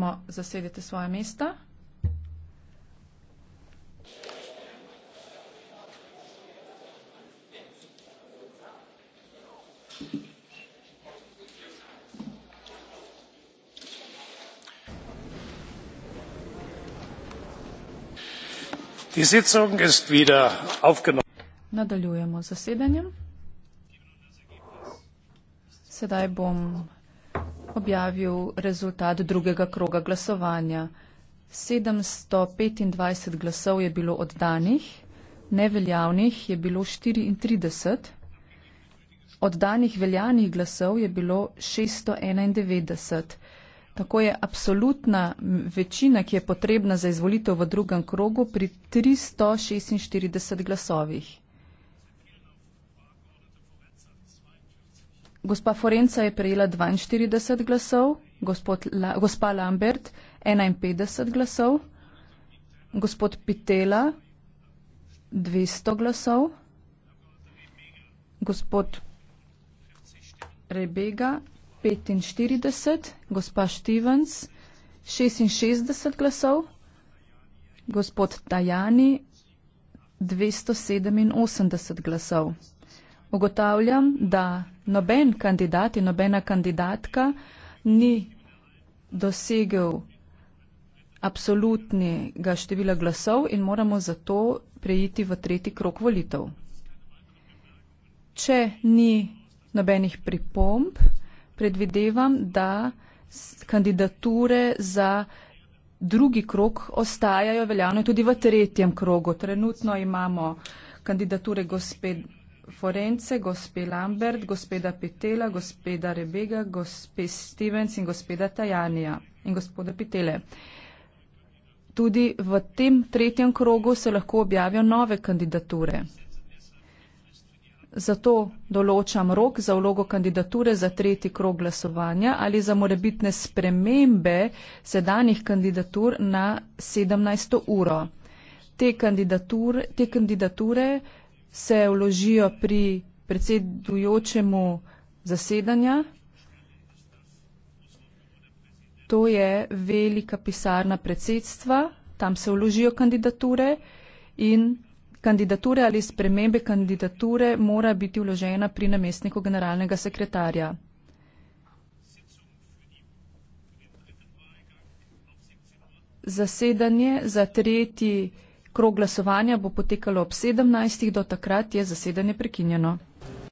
prosimo, zasedite svoje mesta. Nadaljujemo z zasedanjem. Sedaj bom objavil rezultat drugega kroga glasovanja. 725 glasov je bilo oddanih, neveljavnih je bilo 34, oddanih veljavnih glasov je bilo 691. Tako je absolutna večina, ki je potrebna za izvolitev v drugem krogu, pri 346 glasovih. Gospa Forenca je prejela 42 glasov, La, gospa Lambert 51 glasov, gospod Pitela 200 glasov, gospod Rebega 45, gospa Stevens 66 glasov, gospod Tajani 287 glasov. Ugotavljam, da noben kandidat in nobena kandidatka ni dosegel absolutnega števila glasov in moramo zato preiti v tretji krok volitev. Če ni nobenih pripomb, predvidevam, da kandidature za drugi krog ostajajo veljavne tudi v tretjem krogu. Trenutno imamo kandidature gospe Forence, gospe Lambert, gospeda Pitela, gospeda Rebega, gospe Stevens in gospeda Tajanija in gospoda Pitele. Tudi v tem tretjem krogu se lahko objavijo nove kandidature. Zato določam rok za vlogo kandidature za tretji krog glasovanja ali za morebitne spremembe sedanjih kandidatur na 17. uro. Te, kandidatur, te kandidature se vložijo pri predsedujočemu zasedanja. To je velika pisarna predsedstva, tam se vložijo kandidature in kandidature ali spremembe kandidature mora biti vložena pri namestniku generalnega sekretarja. Zasedanje za tretji Krog glasovanja bo potekalo ob 17. do takrat je zasedanje prekinjeno.